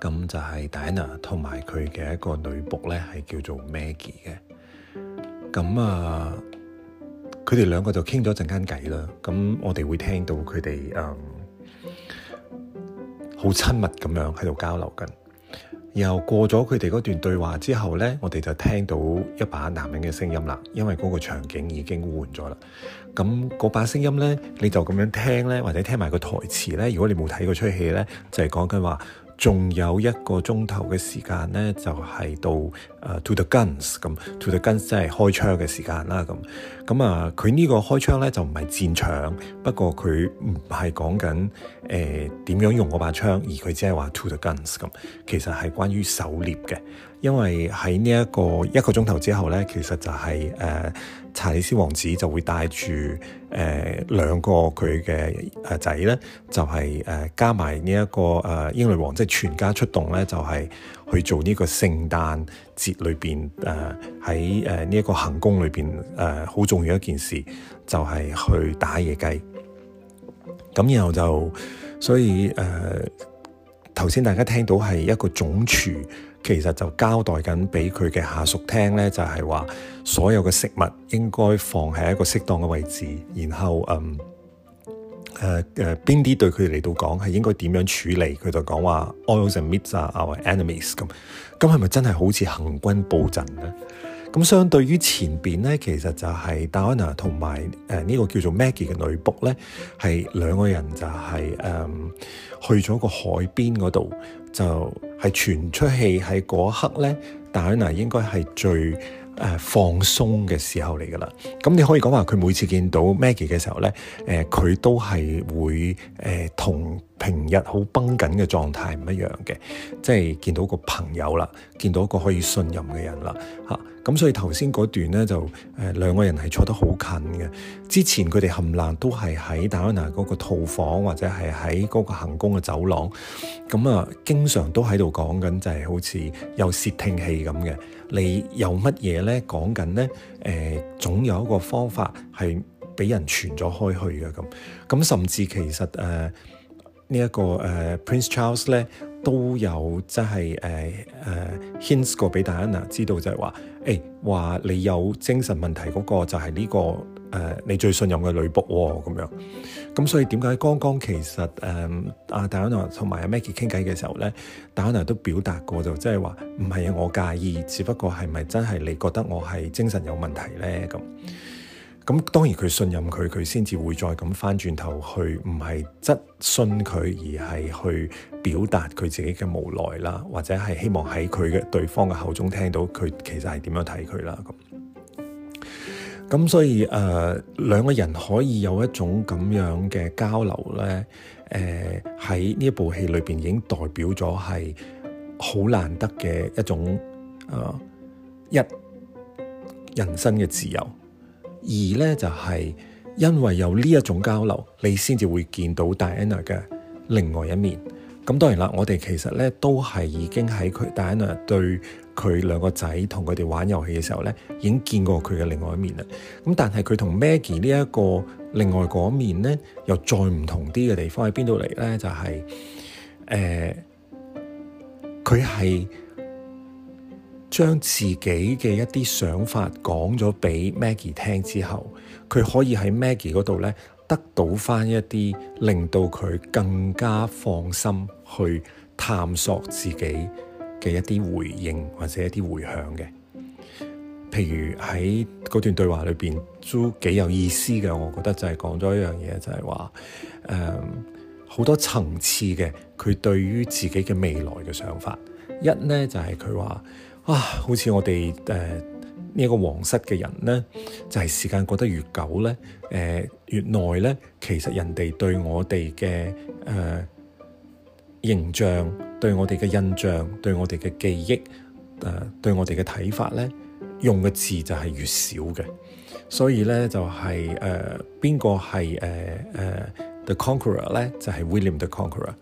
咁就係戴安娜同埋佢嘅一個女僕咧，係叫做 Maggie 嘅。咁啊，佢哋兩個就傾咗陣間偈啦。咁我哋會聽到佢哋好親密咁樣喺度交流緊。然後過咗佢哋嗰段對話之後咧，我哋就聽到一把男人嘅聲音啦。因為嗰個場景已經換咗啦。咁嗰把聲音咧，你就咁樣聽咧，或者聽埋個台詞咧。如果你冇睇過出戲咧，就係講緊話。仲有一個鐘頭嘅時間咧，就係、是、到誒、uh, to the guns 咁 to the guns 即係開槍嘅時間啦咁。咁啊，佢呢個開槍咧就唔係戰場，不過佢唔係講緊誒點樣用嗰把槍，而佢只係話 to the guns 咁，其實係關於狩獵嘅。因為喺呢一個一個鐘頭之後咧，其實就係誒查理斯王子就會帶住誒兩個佢嘅誒仔咧，就係誒加埋呢一個誒英女王，即係全家出動咧，就係去做呢個聖誕節裏邊誒喺誒呢一個行宮裏邊誒好重要一件事，就係去打野雞。咁然後就所以誒頭先大家聽到係一個總廚。其實就交代緊俾佢嘅下屬聽咧，就係話所有嘅食物應該放喺一個適當嘅位置，然後嗯誒誒邊啲對佢嚟到講係應該點樣處理，佢就講話 oils and meats are our enemies 咁，咁係咪真係好似行軍布陣咧？咁相對於前邊咧，其實就係戴安娜同埋誒呢個叫做 Maggie 嘅女僕咧，係兩個人就係、是、誒、呃、去咗個海邊嗰度，就係、是、全出戲喺嗰一刻咧，戴安娜應該係最誒、呃、放鬆嘅時候嚟噶啦。咁你可以講話佢每次見到 Maggie 嘅時候咧，誒、呃、佢都係會誒同，呃平日好繃緊嘅狀態唔一樣嘅，即係見到個朋友啦，見到一個可以信任嘅人啦咁、啊、所以頭先嗰段咧就誒、呃、兩個人係坐得好近嘅。之前佢哋冚爛都係喺戴安娜嗰個套房，或者係喺嗰個行宮嘅走廊。咁啊，經常都喺度講緊就係、是、好似有竊聽器咁嘅。你有乜嘢咧講緊咧？誒、呃，總有一個方法係俾人傳咗開去嘅咁。咁甚至其實、呃呢、這、一個誒、uh, Prince Charles 咧都有即係誒誒 hint 過俾戴安娜知道，就係話誒話你有精神問題嗰個就係呢、這個誒、uh, 你最信任嘅女僕喎咁樣。咁所以點解剛剛其實誒阿戴安娜同埋阿 Maggie 傾偈嘅時候咧，戴安娜都表達過就即係話唔係我介意，只不過係咪真係你覺得我係精神有問題咧咁？咁當然佢信任佢，佢先至會再咁返轉頭去，唔係質詢佢，而係去表達佢自己嘅無奈啦，或者係希望喺佢嘅對方嘅口中聽到佢其實係點樣睇佢啦。咁咁所以誒、呃，兩個人可以有一種咁樣嘅交流咧，誒喺呢一部戲裏邊已經代表咗係好難得嘅一種誒、呃、一人生嘅自由。二咧就係、是、因為有呢一種交流，你先至會見到 Diana 嘅另外一面。咁當然啦，我哋其實咧都係已經喺佢 Diana 對佢兩個仔同佢哋玩遊戲嘅時候咧，已經見過佢嘅另外一面啦。咁但係佢同 Maggie 呢、這、一個另外嗰面，咧，又再唔同啲嘅地方喺邊度嚟咧？就係、是、誒，佢、呃、係。將自己嘅一啲想法講咗俾 Maggie 聽之後，佢可以喺 Maggie 嗰度呢，得到翻一啲令到佢更加放心去探索自己嘅一啲回應或者一啲回響嘅。譬如喺嗰段對話裏面都幾有意思嘅，我覺得就係講咗一樣嘢，就係話誒好多層次嘅佢對於自己嘅未來嘅想法。一呢，就係佢話。啊，好似我哋誒呢一個皇室嘅人咧，就係、是、時間過得越久咧，誒、呃、越耐咧，其實人哋對我哋嘅誒形象、對我哋嘅印象、對我哋嘅記憶誒、呃、對我哋嘅睇法咧，用嘅字就係越少嘅。所以咧就係誒邊個係誒誒 The Conqueror 咧，就係、是、William the Conqueror。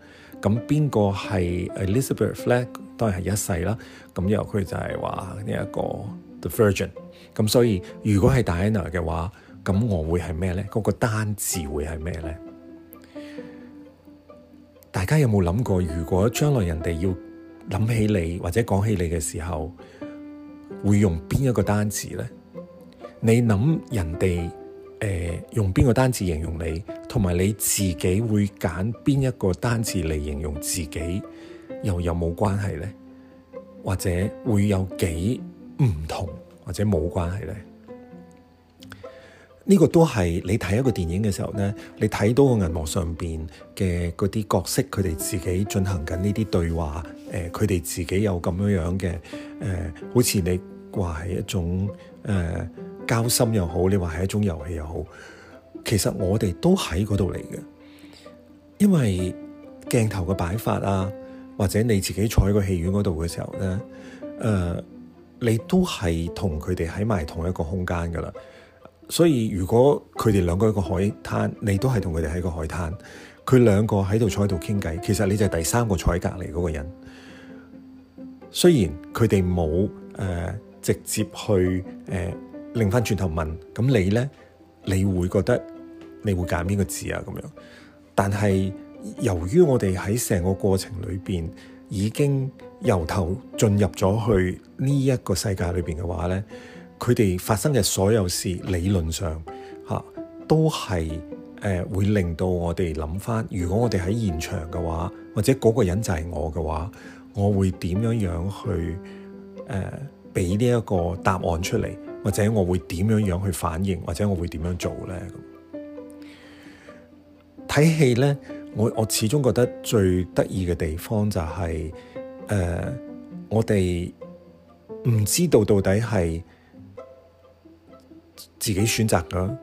咁邊個係 Elizabeth Flack？當然係一世啦，咁然後佢就係話呢一個 The Virgin。咁所以如果係 Diana 嘅話，咁我會係咩咧？嗰、那個單字會係咩咧？大家有冇諗過？如果將來人哋要諗起你或者講起你嘅時候，會用邊一個單字咧？你諗人哋誒、呃、用邊個單字形容你，同埋你自己會揀邊一個單字嚟形容自己？又有冇關係呢？或者會有幾唔同，或者冇關係呢？呢個都係你睇一個電影嘅時候呢，你睇到個銀幕上邊嘅嗰啲角色，佢哋自己進行緊呢啲對話。誒、呃，佢哋自己有咁樣樣嘅誒，好似你話係一種誒、呃、交心又好，你話係一種遊戲又好。其實我哋都喺嗰度嚟嘅，因為鏡頭嘅擺法啊。或者你自己坐喺個戲院嗰度嘅時候咧，誒、呃，你都係同佢哋喺埋同一個空間噶啦。所以如果佢哋兩個喺個海灘，你都係同佢哋喺個海灘，佢兩個喺度坐喺度傾偈，其實你就係第三個坐喺隔籬嗰個人。雖然佢哋冇誒直接去誒擰翻轉頭問，咁你咧，你會覺得你會揀邊個字啊？咁樣，但係。由於我哋喺成個過程裏邊已經由頭進入咗去呢一個世界裏邊嘅話呢，佢哋發生嘅所有事，理論上嚇都係誒、呃、會令到我哋諗翻，如果我哋喺現場嘅話，或者嗰個人就係我嘅話，我會點樣樣去誒俾呢一個答案出嚟，或者我會點樣樣去反應，或者我會點樣做咧？睇戲呢。我我始終覺得最得意嘅地方就係、是，誒、呃，我哋唔知道到底係自己選擇嘅，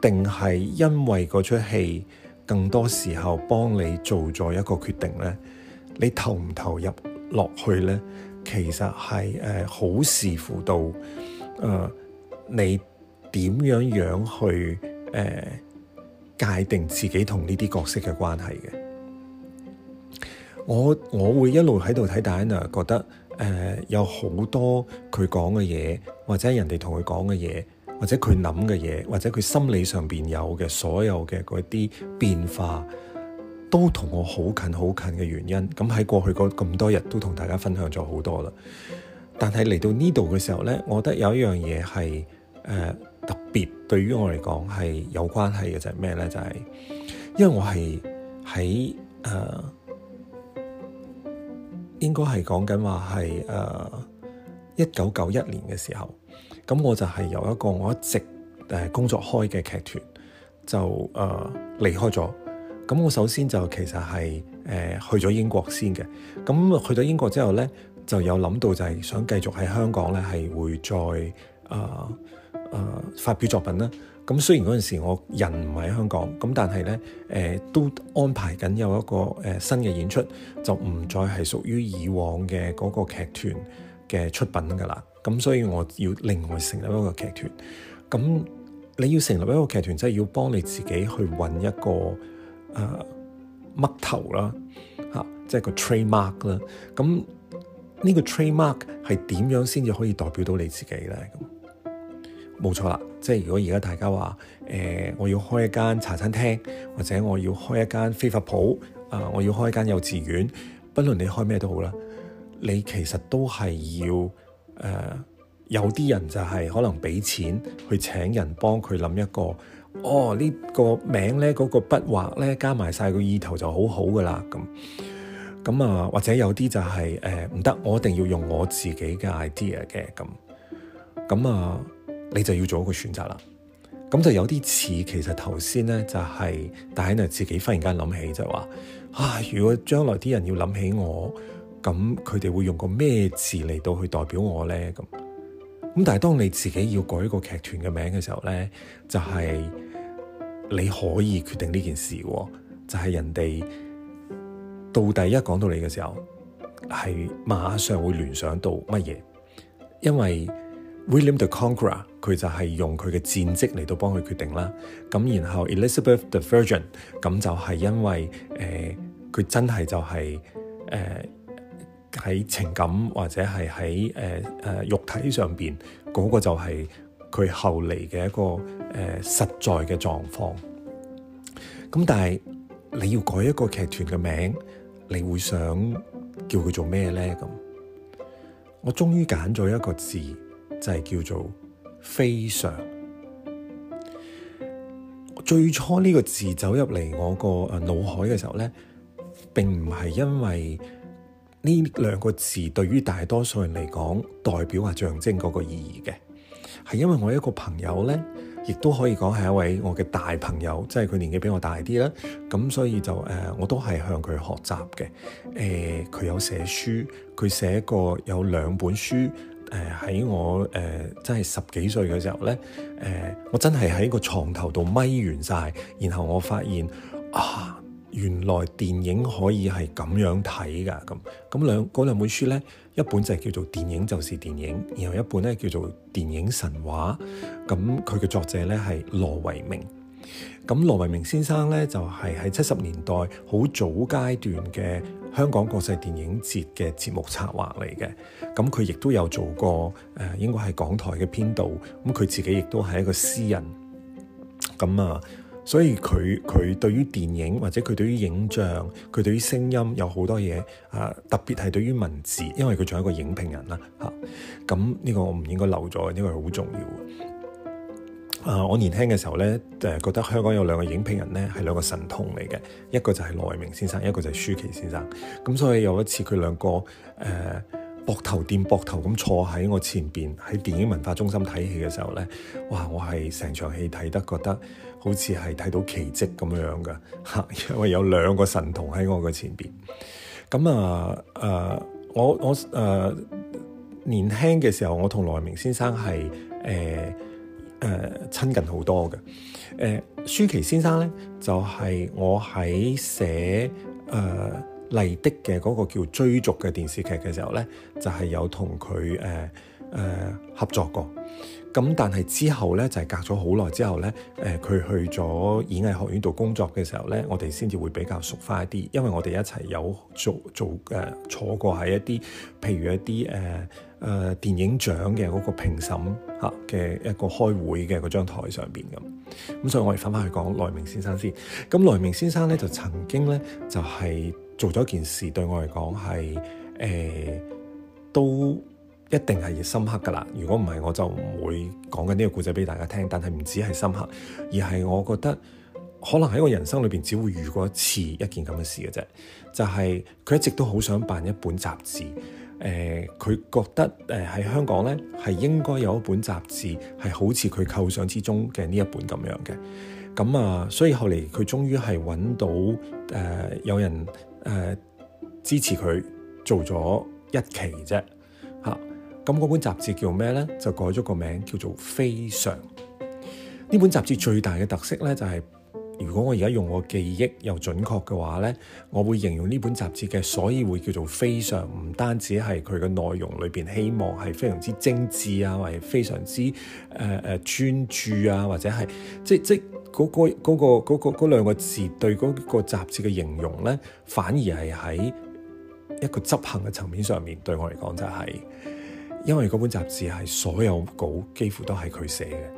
定係因為嗰出戲更多時候幫你做咗一個決定咧？你投唔投入落去咧，其實係誒、呃、好視乎到誒、呃、你點樣樣去誒。呃界定自己同呢啲角色嘅關係嘅，我我會一路喺度睇戴安娜，覺得誒、呃、有好多佢講嘅嘢，或者人哋同佢講嘅嘢，或者佢諗嘅嘢，或者佢心理上邊有嘅所有嘅嗰啲變化，都同我好近好近嘅原因。咁喺過去嗰咁多日都同大家分享咗好多啦，但係嚟到呢度嘅時候咧，我覺得有一樣嘢係誒。呃特別對於我嚟講係有關係嘅就係咩咧？就係、是就是、因為我係喺誒，應該係講緊話係誒一九九一年嘅時候，咁我就係由一個我一直誒工作開嘅劇團就誒、呃、離開咗。咁我首先就其實係誒、呃、去咗英國先嘅。咁去咗英國之後咧，就有諗到就係想繼續喺香港咧係會再誒。呃誒、呃、發表作品啦，咁雖然嗰陣時我人唔喺香港，咁但係咧誒都安排緊有一個誒、呃、新嘅演出，就唔再係屬於以往嘅嗰個劇團嘅出品㗎啦。咁所以我要另外成立一個劇團。咁你要成立一個劇團，即、就、係、是、要幫你自己去揾一個誒嘜、呃、頭啦，嚇、啊，即係個 trademark 啦。咁呢個 trademark 係點樣先至可以代表到你自己咧？冇錯啦，即係如果而家大家話誒、呃，我要開一間茶餐廳，或者我要開一間非法鋪啊、呃，我要開一間幼稚園，不論你開咩都好啦，你其實都係要誒、呃，有啲人就係可能俾錢去請人幫佢諗一個哦，呢、呢個名咧嗰、嗰個筆畫咧，加埋晒個意頭就好好噶啦咁。咁啊，或者有啲就係誒唔得，我一定要用我自己嘅 idea 嘅咁咁啊。你就要做一個選擇啦，咁就有啲似其實頭先咧，就係戴安娜自己忽然間諗起就話、是，啊如果將來啲人要諗起我，咁佢哋會用個咩字嚟到去代表我咧？咁咁但係當你自己要改一個劇團嘅名嘅時候咧，就係、是、你可以決定呢件事，就係、是、人哋到底一講到你嘅時候，係馬上會聯想到乜嘢，因為。William the Conqueror，佢就係用佢嘅戰績嚟到幫佢決定啦。咁然後 Elizabeth the Virgin，咁就係因為誒佢、呃、真係就係、是、喺、呃、情感或者係喺、呃呃、肉體上邊嗰、那個就係佢後嚟嘅一個誒、呃、實在嘅狀況。咁但係你要改一個劇團嘅名，你會想叫佢做咩咧？咁我終於揀咗一個字。就係、是、叫做非常。最初呢個字走入嚟我個誒腦海嘅時候呢，並唔係因為呢兩個字對於大多數人嚟講代表啊象徵嗰個意義嘅，係因為我一個朋友呢，亦都可以講係一位我嘅大朋友，即係佢年紀比我大啲啦。咁所以就誒，我都係向佢學習嘅。誒，佢有寫書，佢寫過有兩本書。誒、呃、喺我誒、呃、真係十幾歲嘅時候咧，誒、呃、我真係喺個床頭度眯完晒。然後我發現啊，原來電影可以係咁樣睇㗎咁。咁兩嗰兩本書咧，一本就係叫做《電影就是電影》，然後一本咧叫做《電影神話》。咁佢嘅作者咧係羅維明。咁羅維明先生咧，就係喺七十年代好早階段嘅香港國際電影節嘅節目策劃嚟嘅。咁佢亦都有做過誒、呃，應該係港台嘅編導。咁佢自己亦都係一個詩人。咁啊，所以佢佢對於電影或者佢對於影像，佢對於聲音有好多嘢啊、呃。特別係對於文字，因為佢仲有一個影評人啦吓。咁、啊、呢個我唔應該漏咗，呢個係好重要。啊！我年輕嘅時候呢，誒覺得香港有兩個影評人呢係兩個神童嚟嘅，一個就係羅維明先生，一個就係舒琪先生。咁所以有一次佢兩個誒膊頭掂膊頭咁坐喺我前邊，喺電影文化中心睇戲嘅時候呢，哇！我係成場戲睇得覺得好似係睇到奇蹟咁樣樣嘅吓，因為有兩個神童喺我嘅前邊。咁啊誒、啊，我我誒、啊、年輕嘅時候，我同羅維明先生係誒。呃誒、呃、親近好多嘅，誒、呃、舒淇先生咧就係、是、我喺寫誒、呃、麗的嘅嗰個叫《追逐》嘅電視劇嘅時候咧，就係、是、有同佢、呃呃、合作過。咁但係之後咧就係、是、隔咗好耐之後咧，佢、呃、去咗演藝學院度工作嘅時候咧，我哋先至會比較熟化熟返一啲，因為我哋一齊有做做誒坐、呃、過喺一啲譬如一啲誒。呃誒、呃、電影獎嘅嗰個評審嘅一個開會嘅嗰張台上邊咁，咁所以我哋翻翻去講黎明先生先。咁黎明先生咧就曾經咧就係、是、做咗件事，對我嚟講係誒都一定係深刻噶啦。如果唔係我就唔會講緊呢個故仔俾大家聽。但係唔止係深刻，而係我覺得。可能喺我人生裏面，只會遇過一次一件咁嘅事嘅啫。就係、是、佢一直都好想辦一本雜誌，誒、呃，佢覺得誒喺香港咧係應該有一本雜誌係好似佢構想之中嘅呢一本咁樣嘅。咁啊，所以後嚟佢終於係揾到誒、呃、有人誒、呃、支持佢做咗一期啫。嚇、啊，咁嗰本雜誌叫咩咧？就改咗個名叫做《非常》。呢本雜誌最大嘅特色咧，就係、是。如果我而家用我記憶又準確嘅話咧，我會形容呢本雜誌嘅，所以會叫做非常，唔單止係佢嘅內容裏邊希望係非常之精緻啊，或者非常之誒誒專注啊，或者係即即嗰個嗰個嗰個嗰兩個字對嗰個雜誌嘅形容咧，反而係喺一個執行嘅層面上面對我嚟講就係、是、因為嗰本雜誌係所有稿幾乎都係佢寫嘅。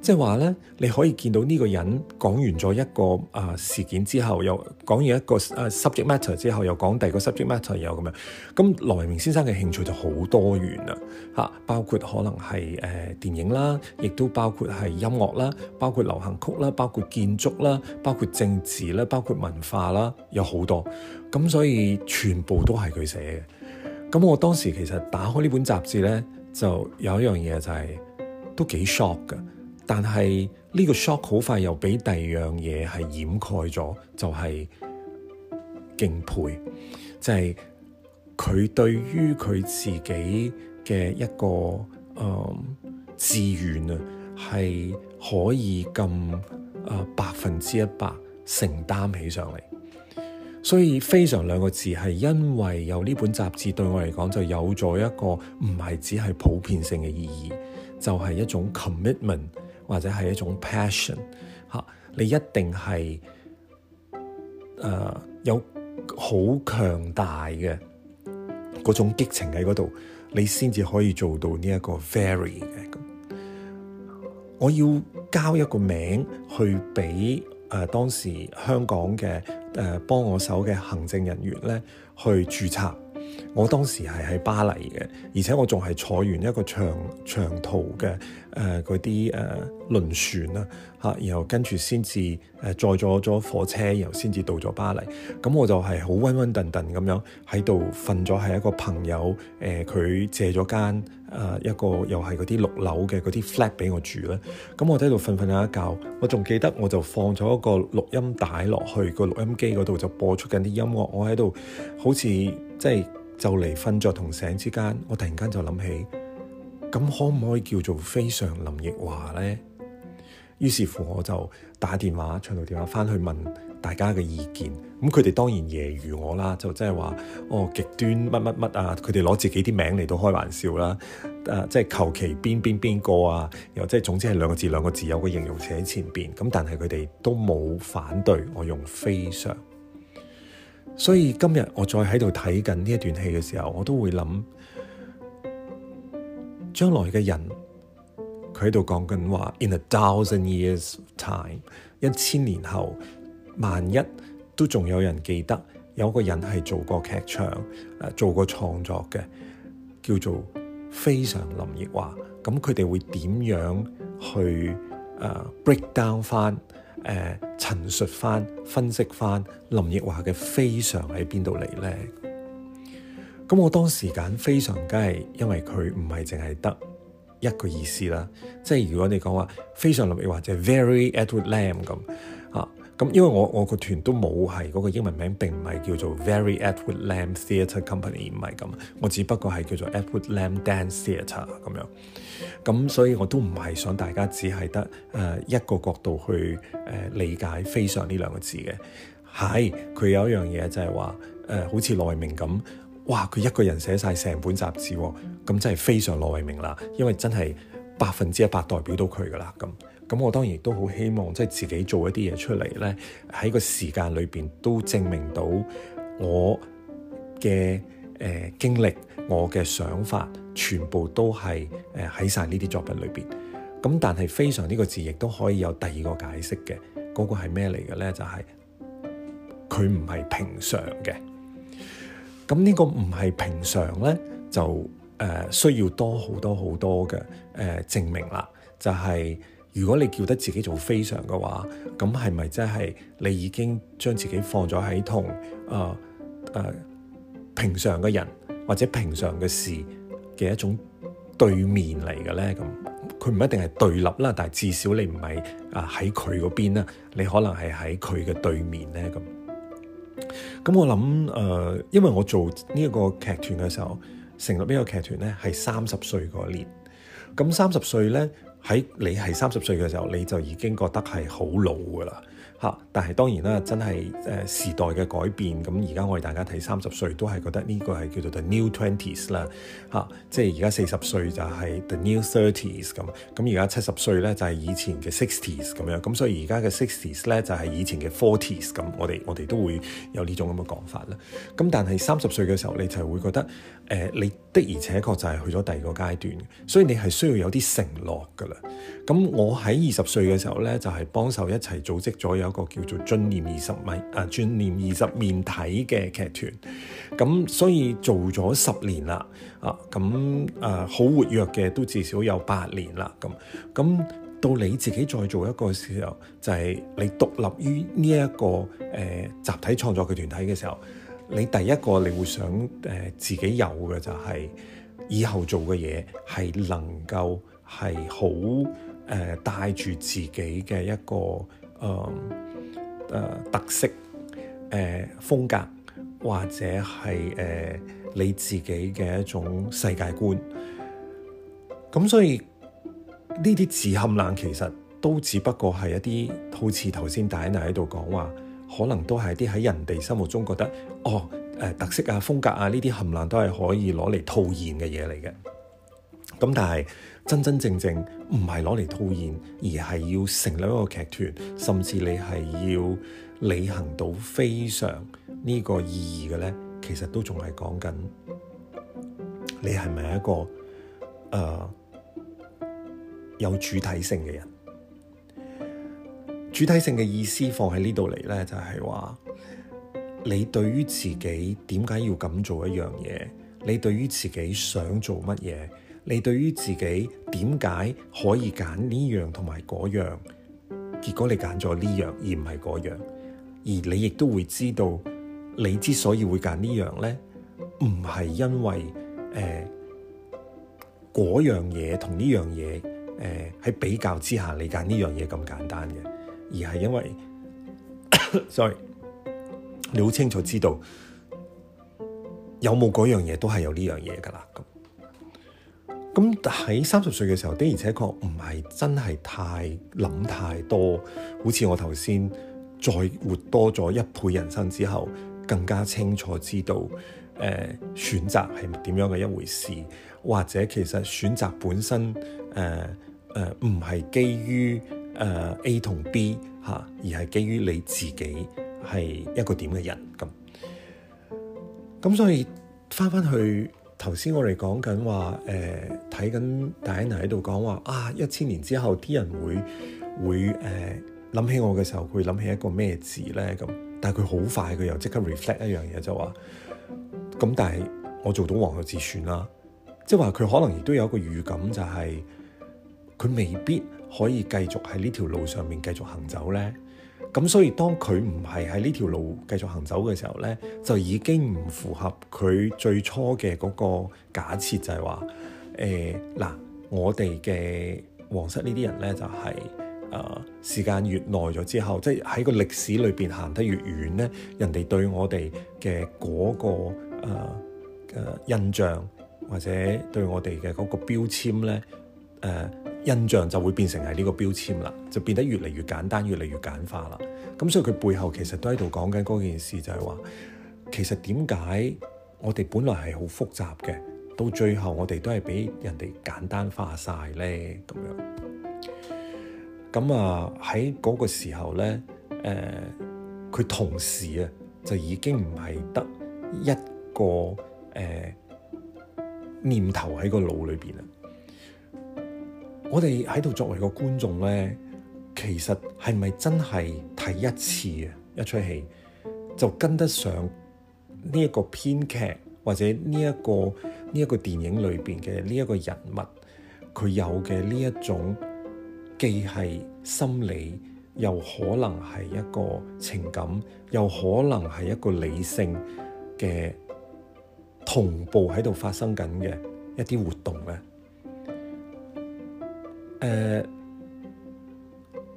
即係話咧，你可以見到呢個人講完咗一個啊、呃、事件之後，又講完一個啊、呃、subject matter 之後，又講第二個 subject matter，又咁樣。咁、嗯、羅文明先生嘅興趣就好多元啦嚇、啊，包括可能係誒、呃、電影啦，亦都包括係音樂啦，包括流行曲啦，包括建築啦，包括政治啦，包括文化啦，有好多咁、嗯，所以全部都係佢寫嘅。咁、嗯、我當時其實打開呢本雜誌咧，就有一樣嘢就係、是、都幾 shock 噶。但係呢個 shock 好快又俾第二樣嘢係掩蓋咗，就係、是、敬佩，就係、是、佢對於佢自己嘅一個誒、呃、志願啊，係可以咁百分之一百承擔起上嚟。所以非常兩個字係因為有呢本雜誌對我嚟講就有咗一個唔係只係普遍性嘅意義，就係、是、一種 commitment。或者係一種 passion 吓，你一定係、呃、有好強大嘅嗰種激情喺嗰度，你先至可以做到呢一個 very 嘅。我要交一個名去俾誒、呃、當時香港嘅誒、呃、幫我手嘅行政人員咧去註冊。我當時係喺巴黎嘅，而且我仲係坐完一個長長途嘅。誒嗰啲誒輪船啦，嚇、啊，然後跟住先至誒載咗咗火車，然後先至到咗巴黎。咁我就係好温温頓頓咁樣喺度瞓咗。係一個朋友誒，佢、呃、借咗間誒一個又係嗰啲六樓嘅嗰啲 flat 俾我住啦。咁我喺度瞓瞓下一覺，我仲記得我就放咗一個錄音帶落去、個錄音機嗰度，就播出緊啲音樂。我喺度好似即係就嚟瞓著同醒着之間，我突然間就諗起。咁可唔可以叫做非常林奕華呢？於是乎我就打電話、長途電話翻去問大家嘅意見。咁佢哋當然揶揄我啦，就即係話哦，極端乜乜乜啊！佢哋攞自己啲名嚟到開玩笑啦、啊，即係求其邊邊邊個啊，又即係總之係兩個字兩個字，個字有個形容詞喺前邊咁、嗯、但係佢哋都冇反對我用非常。所以今日我再喺度睇緊呢一段戲嘅時候，我都會諗。將來嘅人，佢喺度講緊話，in a thousand years time，一千年後，萬一都仲有人記得有個人係做過劇場、呃，做過創作嘅，叫做非常林奕華，咁佢哋會點樣去、呃、break down 翻、誒、呃、陳述翻、分析翻林奕華嘅非常喺邊度嚟呢？咁我當時揀非常梗係，因為佢唔係淨係得一個意思啦。即係如果你講話非常特別或者「Very Edward Lam」咁啊。咁因為我我個團都冇係嗰個英文名，並唔係叫做 Very Edward Lam Theatre Company，唔係咁。我只不過係叫做 Edward Lam Dance Theatre 咁樣。咁、啊、所以我都唔係想大家只係得誒、呃、一個角度去誒、呃、理解非常呢兩個字嘅。係佢有一樣嘢就係話誒，好似內名咁。哇！佢一個人寫晒成本雜誌，咁真係非常羅維明啦。因為真係百分之一百代表到佢噶啦。咁咁，我當然亦都好希望，即係自己做一啲嘢出嚟呢，喺個時間裏邊都證明到我嘅呃經歷，我嘅想法全部都係誒喺晒呢啲作品裏邊。咁但係非常呢個字，亦都可以有第二個解釋嘅。嗰個係咩嚟嘅呢？就係佢唔係平常嘅。咁呢個唔係平常咧，就、呃、需要多好多好多嘅誒、呃、證明啦。就係、是、如果你叫得自己做非常嘅話，咁係咪真係你已經將自己放咗喺同、呃呃、平常嘅人或者平常嘅事嘅一種對面嚟嘅咧？咁佢唔一定係對立啦，但係至少你唔係啊喺佢嗰邊啦，你可能係喺佢嘅對面咧咁。咁我諗誒、呃，因為我做呢個劇團嘅時候，成立呢個劇團呢係三十歲嗰年。咁三十歲呢，喺你係三十歲嘅時候，你就已經覺得係好老噶啦。嚇！但係當然啦，真係誒時代嘅改變。咁而家我哋大家睇三十歲都係覺得呢個係叫做 the new twenties 啦。嚇！即係而家四十歲就係 the new thirties 咁。咁而家七十歲咧就係以前嘅 sixties 咁樣。咁所以而家嘅 sixties 咧就係以前嘅 forties 咁。我哋我哋都會有呢種咁嘅講法啦。咁但係三十歲嘅時候你就會覺得誒、呃、你。的而且確就係去咗第二個階段，所以你係需要有啲承諾㗎啦。咁我喺二十歲嘅時候呢，就係、是、幫手一齊組織咗有一個叫做「進念二十米」啊，進念二十面體嘅劇團。咁所以做咗十年啦，啊咁啊好活躍嘅，都至少有八年啦。咁、啊、咁到你自己再做一個時候，就係、是、你獨立於呢、這、一個誒、呃、集體創作嘅團體嘅時候。你第一個你會想誒、呃、自己有嘅就係、是、以後做嘅嘢係能夠係好誒、呃、帶住自己嘅一個誒誒、呃呃、特色誒、呃、風格或者係誒、呃、你自己嘅一種世界觀。咁所以呢啲字冚唥其實都只不過係一啲好似頭先戴安娜喺度講話。可能都係啲喺人哋心目中覺得，哦，誒特色啊、風格啊呢啲冚爛都係可以攞嚟套現嘅嘢嚟嘅。咁但係真真正正唔係攞嚟套現，而係要成立一個劇團，甚至你係要履行到非常呢個意義嘅咧，其實都仲係講緊你係咪一個誒、呃、有主體性嘅人？主體性嘅意思放喺呢度嚟咧，就係話你對於自己點解要咁做一樣嘢？你對於自己想做乜嘢？你對於自己點解可以揀呢樣同埋嗰樣？結果你揀咗呢樣而唔係嗰樣，而你亦都會知道你之所以會揀呢樣咧，唔係因為誒嗰樣嘢同呢樣嘢誒喺比較之下你揀呢樣嘢咁簡單嘅。而係因為 ，sorry，你好清楚知道有冇嗰樣嘢都係有呢樣嘢㗎啦。咁咁喺三十歲嘅時候，的而且確唔係真係太諗太多。好似我頭先再活多咗一倍人生之後，更加清楚知道，誒、呃、選擇係點樣嘅一回事，或者其實選擇本身，誒誒唔係基於，誒、uh, A 同 B 嚇、uh,，而係基於你自己係一個點嘅人咁。咁所以翻翻去頭先，我哋講緊話誒，睇緊戴安娜喺度講話啊，一千年之後啲人會會誒諗、呃、起我嘅時候，會諗起一個咩字咧咁。但係佢好快佢又即刻 reflect 一樣嘢，就話咁。但係我做到皇后自選啦，即係話佢可能亦都有個預感，就是，就係佢未必。可以繼續喺呢條路上面繼續行走咧，咁所以當佢唔係喺呢條路繼續行走嘅時候咧，就已經唔符合佢最初嘅嗰個假設、呃，就係話誒嗱，我哋嘅皇室呢啲人咧就係啊時間越耐咗之後，即係喺個歷史裏邊行得越遠咧，人哋對我哋嘅嗰個啊、呃、印象或者對我哋嘅嗰個標籤咧誒。呃印象就會變成係呢個標籤啦，就變得越嚟越簡單，越嚟越簡化啦。咁所以佢背後其實都喺度講緊嗰件事就是說，就係話其實點解我哋本來係好複雜嘅，到最後我哋都係俾人哋簡單化晒呢？咁樣。咁啊喺嗰個時候呢，誒、呃、佢同時啊就已經唔係得一個誒、呃、念頭喺個腦裏邊啦。我哋喺度作為個觀眾咧，其實係咪真係睇一次、啊、一出戲就跟得上呢一個編劇或者呢一個呢一個電影裏邊嘅呢一個人物佢有嘅呢一種既係心理又可能係一個情感又可能係一個理性嘅同步喺度發生緊嘅一啲活動咧？誒、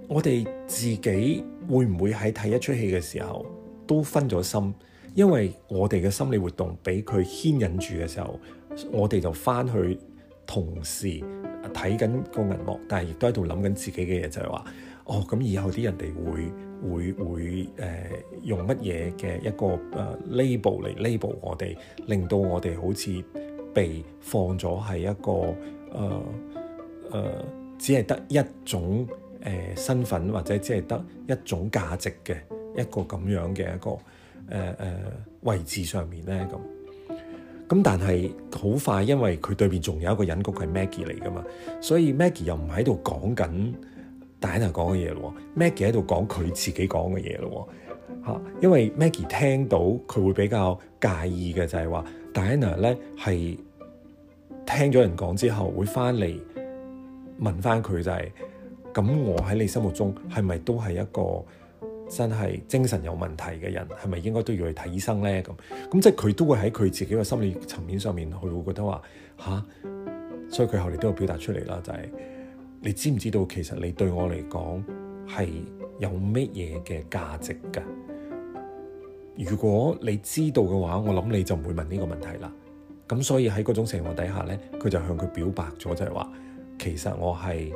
我哋自己會唔會喺睇一出戲嘅時候都分咗心？因為我哋嘅心理活動俾佢牽引住嘅時候，我哋就翻去同時睇緊個銀幕，但係亦都喺度諗緊自己嘅嘢，就係話：哦，咁以後啲人哋會會會誒用乜嘢嘅一個誒 label 嚟 label 我哋，令到我哋好似被放咗係一個誒誒、呃呃只係得一種誒身份，或者只係得一種價值嘅一個咁樣嘅一個誒誒、呃呃、位置上面咧咁。咁但係好快，因為佢對面仲有一個人局係 Maggie 嚟噶嘛，所以 Maggie 又唔喺度講緊 Diana 講嘅嘢咯。Maggie 喺度講佢自己講嘅嘢咯嚇，因為 Maggie 聽到佢會比較介意嘅就係話 Diana 咧，係聽咗人講之後會翻嚟。問翻佢就係咁，我喺你心目中係咪都係一個真係精神有問題嘅人？係咪應該都要去睇醫生呢？咁咁即係佢都會喺佢自己嘅心理層面上面，佢會覺得話吓，所以佢後嚟都有表達出嚟啦，就係你知唔知道？其實你對我嚟講係有乜嘢嘅價值噶？如果你知道嘅話，我諗你就唔會問呢個問題啦。咁所以喺嗰種情況底下呢，佢就向佢表白咗，就係話。其實我係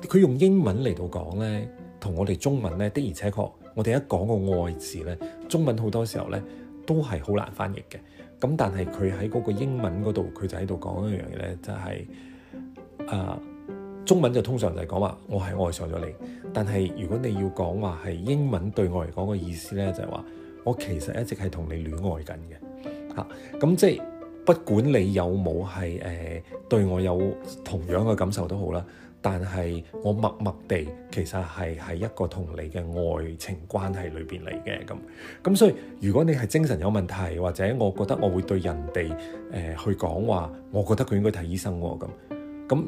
佢用英文嚟到講呢，同我哋中文呢的而且確，我哋一講個愛字呢，中文好多時候呢都係好難翻譯嘅。咁但係佢喺嗰個英文嗰度，佢就喺度講一樣嘢呢，就係、是、啊、呃、中文就通常就係講話我係愛上咗你，但係如果你要講話係英文對我嚟講嘅意思呢，就係、是、話我其實一直係同你戀愛緊嘅。嚇、啊、咁即係。不管你有冇係誒對我有同樣嘅感受都好啦，但係我默默地其實係喺一個同你嘅愛情關係裏邊嚟嘅咁。咁所以如果你係精神有問題，或者我覺得我會對人哋誒、呃、去講話，我覺得佢應該睇醫生喎咁。咁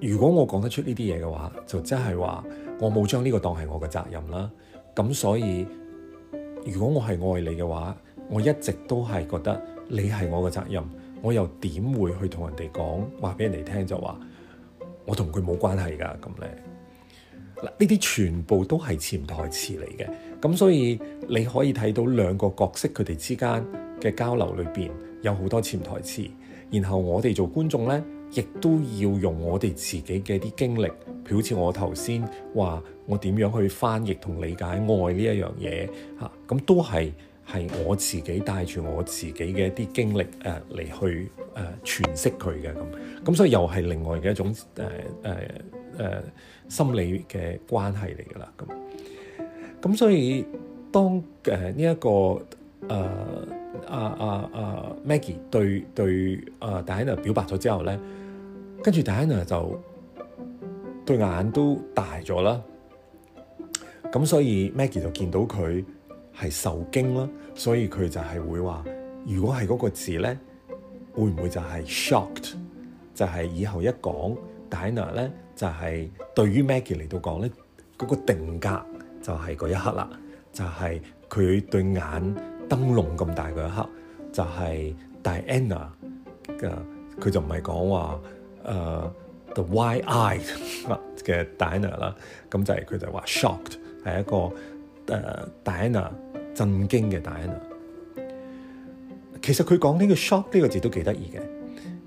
如果我講得出呢啲嘢嘅話，就即係話我冇將呢個當係我嘅責任啦。咁所以如果我係愛你嘅話，我一直都係覺得。你係我嘅責任，我又點會去同人哋講話俾人哋聽就話我同佢冇關係㗎？咁咧嗱，呢啲全部都係潛台詞嚟嘅。咁所以你可以睇到兩個角色佢哋之間嘅交流裏邊有好多潛台詞。然後我哋做觀眾咧，亦都要用我哋自己嘅啲經歷，譬如好似我頭先話我點樣去翻譯同理解愛呢一樣嘢嚇，咁都係。係我自己帶住我自己嘅一啲經歷誒嚟、啊、去誒詮、啊、釋佢嘅咁，咁所以又係另外嘅一種誒誒誒心理嘅關係嚟㗎啦咁。咁所以當誒呢一個誒阿阿阿 Maggie 對對誒、啊、Diana 表白咗之後咧，跟住 Diana 就對眼都大咗啦。咁所以 Maggie 就見到佢。係受驚啦，所以佢就係會話，如果係嗰個字咧，會唔會就係 shocked？就係以後一講 Diana 咧，就係、是、對於 Maggie 嚟到講咧，嗰、那個定格就係嗰一刻啦，就係、是、佢對眼燈籠咁大嗰一刻，就係、是、Diana 嘅，佢、uh, 就唔係講話誒 the wide-eyed 嘅 Diana 啦，咁就係佢就話 shocked，係一個。誒，戴安娜震驚嘅戴安娜，其實佢講呢個 shock 呢、呢個字都幾得意嘅，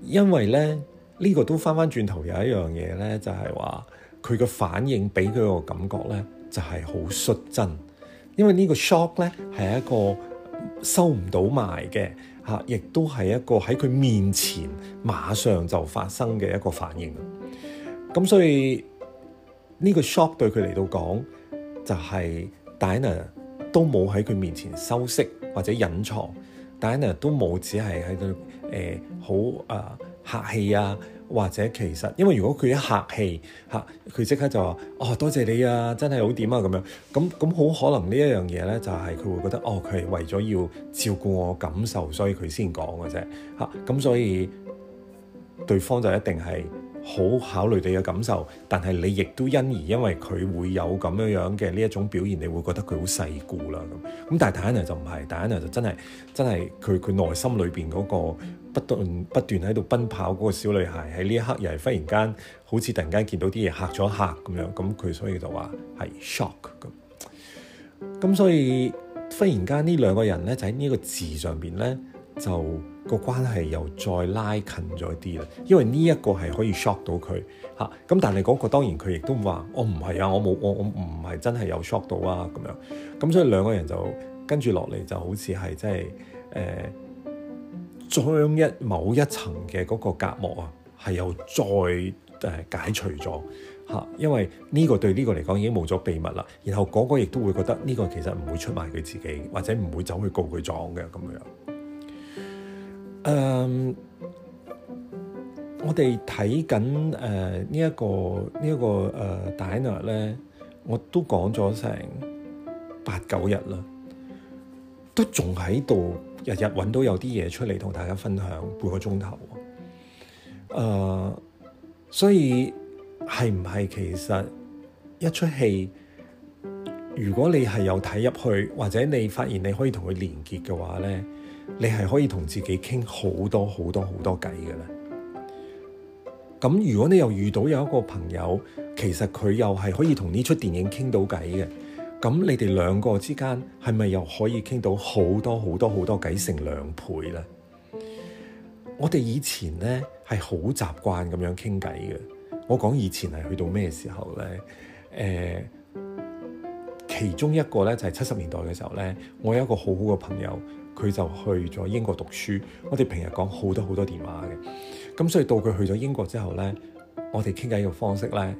因為咧呢、呢個都翻翻轉頭有一樣嘢咧，就係話佢嘅反應俾佢個感覺咧，就係好率真，因為、呢個、呢個 shock 咧係一個收唔到埋嘅嚇，亦都係一個喺佢面前馬上就發生嘅一個反應。咁所以呢、呢個 shock 對佢嚟到講就係、是。Diana 都冇喺佢面前修飾或者隱藏，Diana 都冇只係喺度，誒好啊，客氣啊，或者其實因為如果佢一客氣嚇，佢即刻就話哦，多謝，謝你啊，真係好點啊咁樣，咁咁好可能呢一樣嘢咧就係佢會覺得哦，佢係為咗要照顧我感受，所以佢先講嘅啫嚇，咁、啊、所以對方就一定係。好考慮你嘅感受，但係你亦都因而因為佢會有咁樣樣嘅呢一種表現，你會覺得佢好世故啦咁。咁但係戴安娜就唔係，戴安娜就真係真係佢佢內心裏邊嗰個不斷不斷喺度奔跑嗰個小女孩，喺呢一刻又係忽然間好似突然間見到啲嘢嚇咗一嚇咁樣，咁佢所以就話係 shock 咁。咁所以忽然間呢兩個人咧就喺呢個字上邊咧就，個關係又再拉近咗啲啦，因為呢一個係可以 shock 到佢吓，咁但係嗰個當然佢亦都話：我唔係啊，我冇我我唔係真係有 shock 到啊咁樣。咁所以兩個人就跟住落嚟就好似係即係誒將一某一層嘅嗰個隔膜啊，係又再誒解除咗吓，因為呢個對呢個嚟講已經冇咗秘密啦。然後嗰個亦都會覺得呢個其實唔會出賣佢自己，或者唔會走去告佢狀嘅咁樣。誒、uh,，我哋睇緊誒呢一個呢一個、這個誒《戴拿》咧，我都講咗成八九日啦，都仲喺度日日揾到有啲嘢出嚟同大家分享半個鐘頭。誒、uh,，所以係唔係其實一出戲，如果你係有睇入去，或者你發現你可以同佢連結嘅話咧？你係可以同自己傾好多好多好多偈噶啦，咁如果你又遇到有一個朋友，其實佢又係可以同呢出電影傾到偈嘅，咁你哋兩個之間係咪又可以傾到好多好多好多偈成兩倍咧？我哋以前咧係好習慣咁樣傾偈嘅，我講以前係去到咩時候咧？誒、呃，其中一個咧就係七十年代嘅時候咧，我有一個好好嘅朋友。佢就去咗英國讀書，我哋平日講好多好多電話嘅，咁所以到佢去咗英國之後呢，我哋傾偈嘅方式呢，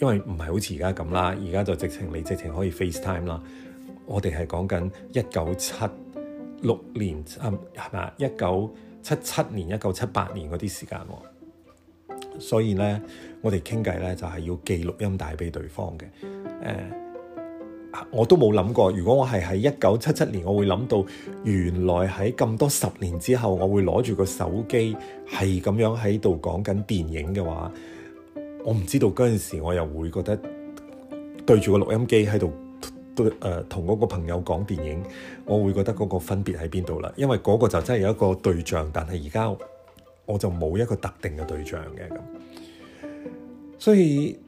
因為唔係好似而家咁啦，而家就直情你直情可以 FaceTime 啦，我哋係講緊一九七六年啊，係咪啊？一九七七年、一九七八年嗰啲時間喎、哦，所以呢，我哋傾偈呢，就係、是、要記錄音帶俾對方嘅，誒、呃。我都冇諗過，如果我係喺一九七七年，我會諗到原來喺咁多十年之後，我會攞住個手機係咁樣喺度講緊電影嘅話，我唔知道嗰陣時我又會覺得對住個錄音機喺度對誒同嗰個朋友講電影，我會覺得嗰個分別喺邊度啦？因為嗰個就真係有一個對象，但係而家我就冇一個特定嘅對象嘅咁，所以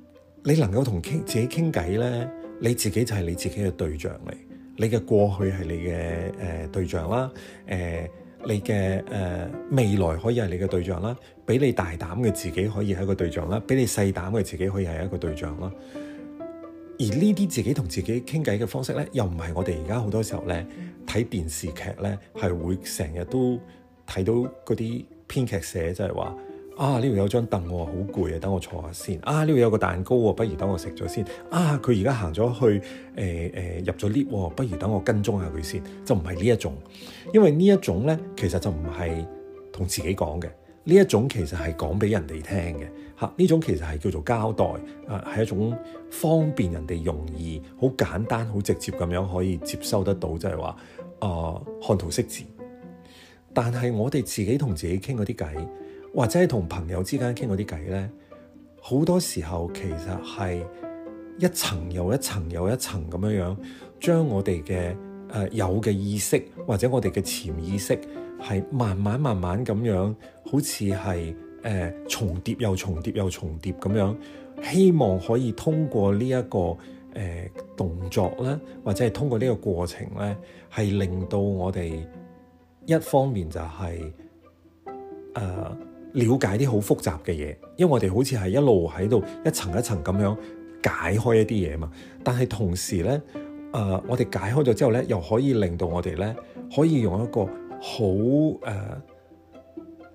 你能夠同傾自己傾偈咧？你自己就係你自己嘅對象嚟，你嘅過去係你嘅誒、呃、對象啦，誒、呃、你嘅誒、呃、未來可以係你嘅對象啦，畀你大膽嘅自己可以係一個對象啦，畀你細膽嘅自己可以係一個對象啦。而呢啲自己同自己傾偈嘅方式咧，又唔係我哋而家好多時候咧睇電視劇咧，係會成日都睇到嗰啲編劇寫就係、是、話。啊！呢度有張凳，好攰啊，等我坐下先。啊！呢度有個蛋糕喎，不如等我食咗先。啊！佢而家行咗去，呃呃、入咗 lift 喎，不如等我跟蹤下佢先。就唔係呢一種，因為呢一種咧，其實就唔係同自己講嘅。呢一種其實係講俾人哋聽嘅嚇。呢、啊、種其實係叫做交代啊，係一種方便人哋容易好簡單好直接咁樣可以接收得到，即係話啊，看圖識字。但係我哋自己同自己傾嗰啲偈。或者係同朋友之間傾嗰啲偈咧，好多時候其實係一層又一層又一層咁樣樣，將我哋嘅誒有嘅意識或者我哋嘅潛意識係慢慢慢慢咁樣，好似係誒重疊又重疊又重疊咁樣，希望可以通過呢、這、一個誒、呃、動作咧，或者係通過呢個過程咧，係令到我哋一方面就係、是、誒。呃了解啲好複雜嘅嘢，因為我哋好似係一路喺度一層一層咁樣解開一啲嘢嘛。但係同時咧，誒、呃、我哋解開咗之後咧，又可以令到我哋咧可以用一個好誒、呃、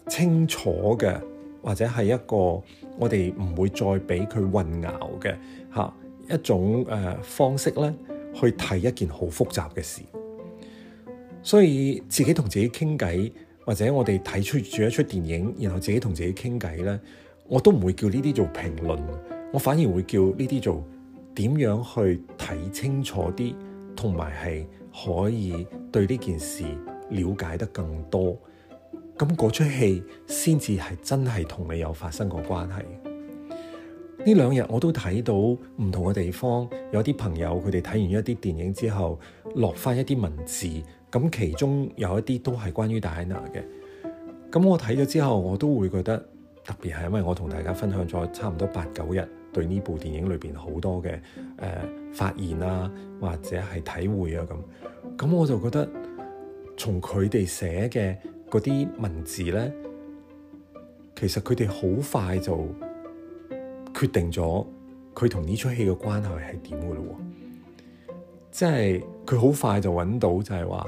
清楚嘅，或者係一個我哋唔會再俾佢混淆嘅嚇、啊、一種誒、呃、方式咧，去睇一件好複雜嘅事。所以自己同自己傾偈。或者我哋睇出住一出電影，然後自己同自己傾偈咧，我都唔會叫呢啲做評論，我反而會叫呢啲做點樣去睇清楚啲，同埋係可以對呢件事了解得更多。咁嗰出戲先至係真係同你有發生過關係。呢兩日我都睇到唔同嘅地方，有啲朋友佢哋睇完一啲電影之後落翻一啲文字。咁其中有一啲都係關於戴安娜嘅，咁我睇咗之後，我都會覺得特別係，因為我同大家分享咗差唔多八九日對呢部電影裏邊好多嘅誒、呃、發現啊，或者係體會啊咁，咁我就覺得從佢哋寫嘅嗰啲文字咧，其實佢哋好快就決定咗佢同呢出戲嘅關係係點嘅咯，即係。佢好快就揾到就係話，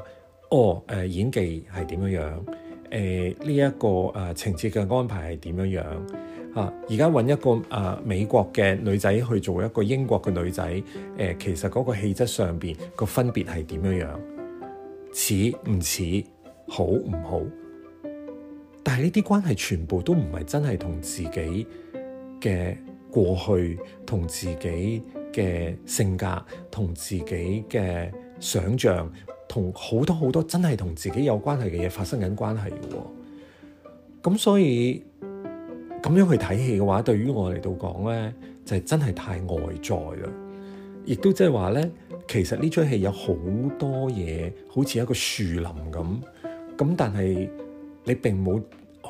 哦，誒，演技係點樣樣？誒，呢一個誒情節嘅安排係點樣樣？啊，而家揾一個誒美國嘅女仔去做一個英國嘅女仔，誒，其實嗰個氣質上邊個分別係點樣樣？似唔似？好唔好？但係呢啲關係全部都唔係真係同自己嘅過去、同自己嘅性格、同自己嘅。想象同好多好多真係同自己有關係嘅嘢發生緊關係嘅喎，咁所以咁樣去睇戲嘅話，對於我嚟到講咧，就係真係太外在啦。亦都即係話咧，其實呢出戲有好多嘢，好似一個樹林咁，咁但係你並冇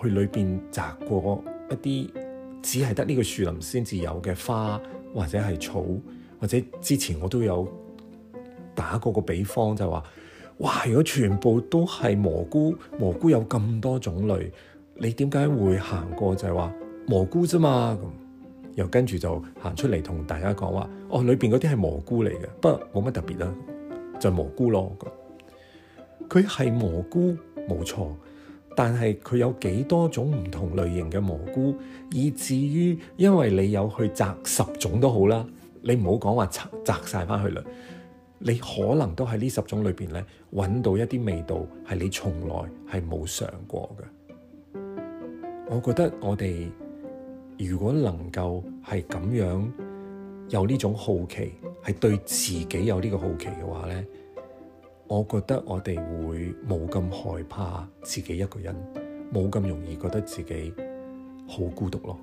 去裏邊摘過一啲只係得呢個樹林先至有嘅花或者係草，或者之前我都有。打個個比方就係話，哇！如果全部都係蘑菇，蘑菇有咁多種類，你點解會行過就係話蘑菇啫嘛？咁又跟住就行出嚟同大家講話，哦，裏邊嗰啲係蘑菇嚟嘅，不過冇乜特別啦，就蘑菇咯。佢係蘑菇冇錯，但係佢有幾多種唔同類型嘅蘑菇，以至於因為你有去摘十種都好啦，你唔好講話摘摘曬翻去啦。你可能都喺呢十種裏邊咧揾到一啲味道，係你從來係冇嘗過嘅。我覺得我哋如果能夠係咁樣有呢種好奇，係對自己有呢個好奇嘅話咧，我覺得我哋會冇咁害怕自己一個人，冇咁容易覺得自己好孤獨咯。